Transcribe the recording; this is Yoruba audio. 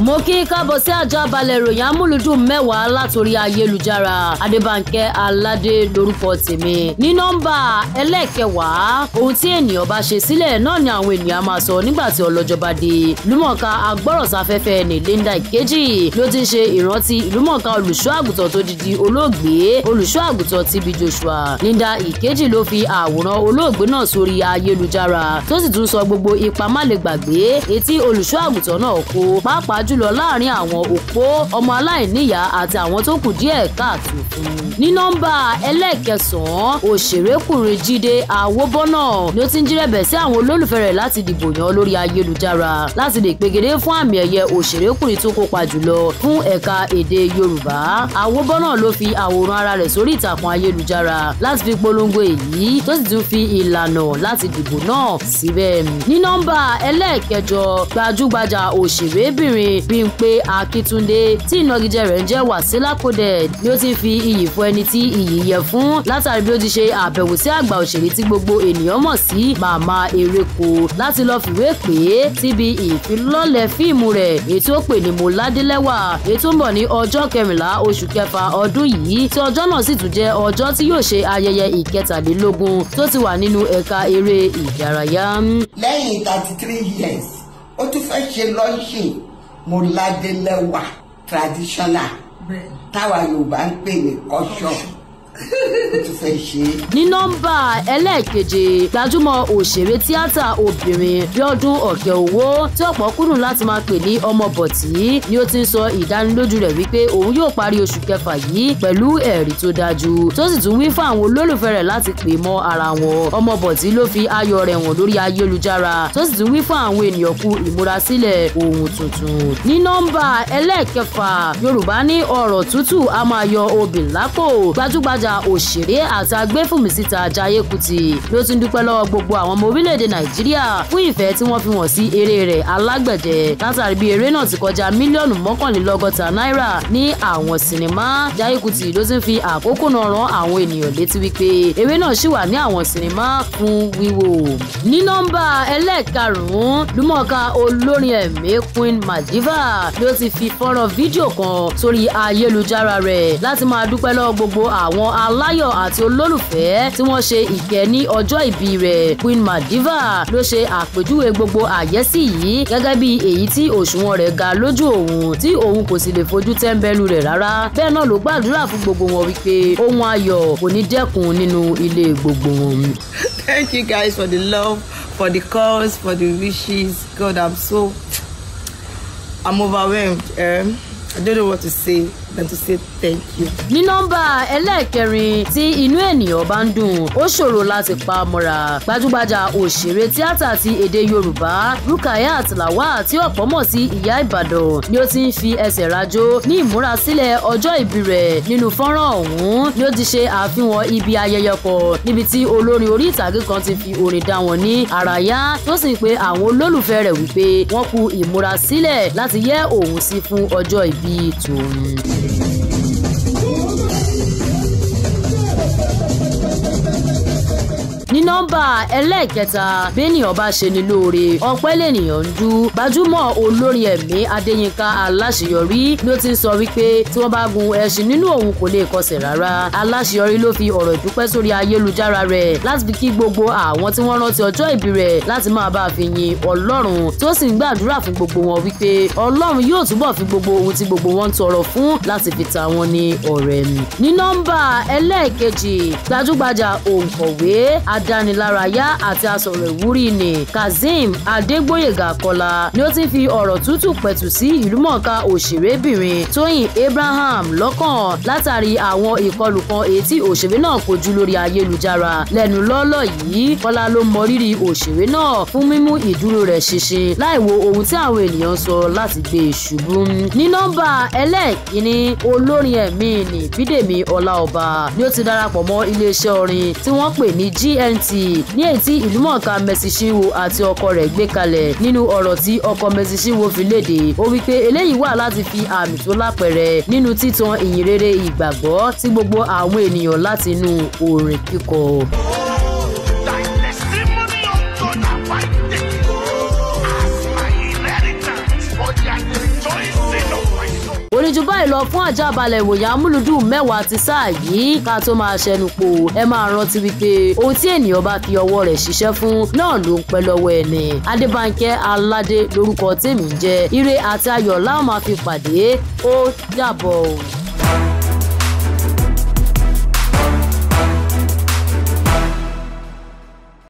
mo kí káàbọ̀ sí àjà balẹ̀ ìròyìn amúlùdùn mẹ́wàá látòrí ayélujára adébànkẹ́ aládé lórúkọ tèmi ní nọ́mbà ẹlẹ́ẹ̀kẹwàá ohun tí ènìyàn bá ṣe sílẹ̀ náà ni àwọn ènìyàn máa sọ nígbà tí ọlọ́jọ́ bá dé lúmọ̀ọ́ká agbọ́rọ̀sáfẹ́fẹ́ ní Linda Ìkejì ló ti ń ṣe ìrántí ìlúmọ̀ọ́ká olùṣọ́ àgùntàn tó di olóògbé olùṣọ́ àgùntàn TB Joshua Linda Ìkejì ló fi àwòrán olóògbé náà sórí ayélujára tó sì tún sọ gbogbo ipa má lè gbàgbé etí olùṣọ́ náà kó pàápàá jùl jùlọ láàrin àwọn òpó ọmọ aláìníyàá àti àwọn tó kù díẹ̀ káàtó fún un ní nọ́mbà ẹlẹ́ẹ̀kẹsàn-án òṣèrékùnrin Jídé Àwòbọ́nà ni ó ti ń jírẹ̀bẹ̀ sí àwọn olólùfẹ́ rẹ̀ láti dìbò yàn lórí ayélujára láti lè pegedé fún àmì ẹ̀yẹ òṣèrékùnrin tó kópa jùlọ fún ẹ̀ka èdè Yorùbá Àwòbọ́nà ló fi àwòrán ara rẹ̀ sórí ìtàkùn ayélujára láti fi polongo èyí tó sì tún fi ìlànà láti dìbò náà síbẹ̀ ní nọ́mbà ẹlẹ́ẹ̀kẹjọ gbajúgbajà òṣèrébìnrin Bímpé Akíntúndé tí ìnagijẹ rẹ̀ ń jẹ́ Wàsílà Coded ni ó ti fi iyì fún ẹni tí iyì yẹ fún látàrí bí ó ti ṣe àbẹ̀wò sí àgbà òṣèré tí gbogbo ènìyàn mọ̀ sí màmá ereko láti lọ́ọ́ fìwé pè é síbi ìfilọ́lẹ̀ fíìmù rẹ̀ ètò pè ní mọ́ládélẹ́wà ètò ń bọ̀ ní ọjọ́ kẹrìnlá oṣù kẹfà ọdún yìí tí ọjọ́ náà sì tún jẹ́ ọjọ́ tí yóò ṣe ayẹyẹ ìkẹtàlélógún tó ti wà nínú ẹ̀ka eré ìdárayá. lẹ́yìn thirty three years ó tún fẹ́ ṣe lọ́ọ̀ṣì mọ́ládélẹ́wà traditional táwa Yorùbá ń pè ní kọ́ṣọ̀ ní nọ́mbà ẹlẹ́ẹ̀keje gbajúmọ̀ òṣèré tíátà obìnrin Bíọ́dún Ọ̀kẹ́owó tí ọ̀pọ̀ kúndùn láti máa pè ní ọmọ bọ̀tí ni ó ti ń sọ ìdánilójú rẹ̀ wípé òun yóò parí oṣù kẹfà yìí pẹ̀lú ẹ̀rí tó dájú tó sì tún wí fún àwọn olólùfẹ́ rẹ̀ láti pè mọ́ ara wọn ọmọ bọ̀tí ló fi ayọ̀ rẹ̀ wọ̀n lórí ayélujára tó sì tún wí fún àwọn ènìyàn kú ìmúrasílẹ̀ ohun tuntun ní nọ́mbà ẹlẹ́ẹ̀kẹfà Yorùbá ní ọ̀rọ̀ tútù a máa yọ obì lápò gbajúgbajà gbajúgbajà òṣèré àti agbéfùmísíta Jayé Kútì ló tún dúpẹ́ lọ́wọ́ gbogbo àwọn ọmọ orílẹ̀-èdè Nàìjíríà fún ìfẹ́ tí wọ́n fi wọ̀n sí eré rẹ̀ alágbẹ̀dẹ látàrí bí eré náà ti kọjá mílíọ̀nù mọ́kànlélọ́gọ́ta náírà ní àwọn sinimá Jayé Kútì ló tún fi àkókò náà rán àwọn ènìyàn létí wípé eré náà ṣì wà ní àwọn sinimá fún wíwò. ní nọ́mbà ẹlẹ́ẹ̀karùn-ún lúmọ̀ọ́ká olórin ẹ̀mí Queen Madiva ló ti fi fọ́nrán fídíò kan sórí ayélujára rẹ̀ láti máa dúpẹ́ lọ́wọ́ gbogbo àwọn aláyọ̀ àti olólùfẹ́ tí wọ́n ṣe ìkẹ́ni ọjọ́ ìbí rẹ̀ Queen Madiva ló ṣe àpèjúwe gbogbo àyẹ́sí yìí gẹ́gẹ́ bí èyí tí òṣùwọ̀n rẹ̀ ga lójú òun tí òun kò sì lè fojú tẹ́ńbẹ́lú rẹ̀ rárá bẹ́ẹ̀ náà ló gbàdúrà fún gbogbo wọn wípé ohun ayọ̀ kò ní dẹ́kun nínú ilé gbogbo wọn. Thank you guys for the love, for the calls, for the wishes. God, I'm so I'm overwhelmed. Um, I don't know what to say and to say thank you. ní nọ́mbà ẹlẹ́ẹ̀kẹrin tí inú ènìyàn bá ń dùn ó ṣòro láti pa mọ́ra gbajúgbajà òṣèré tíátà ti èdè yorùbá rukayat lawal tí ọ̀pọ̀ mọ̀ sí ìyá ìbàdàn ni ó ti ń fi ẹsẹ̀ rajó ní ìmúrasílẹ̀ ọjọ́ ìbí rẹ̀ nínú fọ́nrán ọ̀hún ni ó ti ṣe àfihàn ibi ayẹyẹ kan níbi tí olórin orí ìtàgé kan ti fi orin dá wọn ní àràyá tó sì ń pe àwọn olólùfẹ́ rẹ̀ wípé wọ́n kú ìmúrasílẹ̀ láti yẹ́ òun sí fún ọjọ́ ìbí tòun. Música ní nọ́mbà ẹlẹ́ẹ̀kẹta béèyàn bá ṣe ni lóore ọpẹ́ lènìyàn ń dú gbajúmọ̀ olórin ẹ̀mí adéyínká aláṣeyọrí ló ti ń sọ wípé tí wọ́n bá gun ẹṣin nínú òun kò lè kọsẹ̀ rárá aláṣeyọrí ló fi ọ̀rọ̀ ìdúpẹ́ sórí ayélujára rẹ̀ láti fi kí gbogbo àwọn tí wọ́n rántí ọjọ́ ìbí rẹ̀ láti máa bá a fi yin ọlọ́run tó sì ń gbàdúrà fún gbogbo wọn wípé ọlọ́run yóò túbọ̀ fi gbogbo ohun tí gbogbo wọn ń tọrọ fún láti fi ta wọn ní ọ̀rẹ́ mi. ní nọ́mbà adánilárayá àti asọ̀rọ̀ ìwúrí ni Kazeem Adégbóyèga Kọ́lá ni ó ti fi ọ̀rọ̀ tútù pẹ̀tù sí ìlúmọ̀ọ́ká òṣèrébìnrin Tóyìn Abraham lọ́kàn látàrí àwọn ìkọlù kan etí òṣèré náà kojú lórí ayélujára lẹ́nu lọ́ọ́lọ́ yìí Kọ́lá ló mọrírì òṣèré náà fún mímú ìdúró rẹ̀ ṣinṣin láì wo ohun tí àwọn ènìyàn sọ láti gbé e ṣubú ní nọ́mbà ẹlẹ́ẹ̀kínní olórin ẹ̀mí ni Bídèmí Ọláọba ni ó ti darapọ̀ mọ́ iléeṣẹ́ orin tí wọ́n pè ní GN twenty ní èyí tí ìlúmọ̀ọ́ká Mercy Chinwo àti ọkọ rẹ̀ gbé kalẹ̀ nínú ọ̀rọ̀ tí ọkọ Mercy Chinwo fi léde ó wí pé eléyìí wà láti fi àmì tó lápẹẹrẹ nínú títan ìyìnrere ìgbàgbọ́ tí gbogbo àwọn ènìyàn látinú orin kíkọ. ju báyìí lọ fún àjàbalẹ̀ ìwòyà amúlùdùn mẹ́wàá ti sáà yìí ká tó máa ṣẹnu po ẹ máa rántí wípé ohun tí ènìyàn bá fi ọwọ́ rẹ̀ ṣiṣẹ́ fún náà ló ń pẹ́ lọ́wọ́ ẹni adébánkẹ́ aládé lórúkọ tèmi jẹ́ ire àti ayọ̀ láwọn máa fi pàdé ó dàbọ̀ o.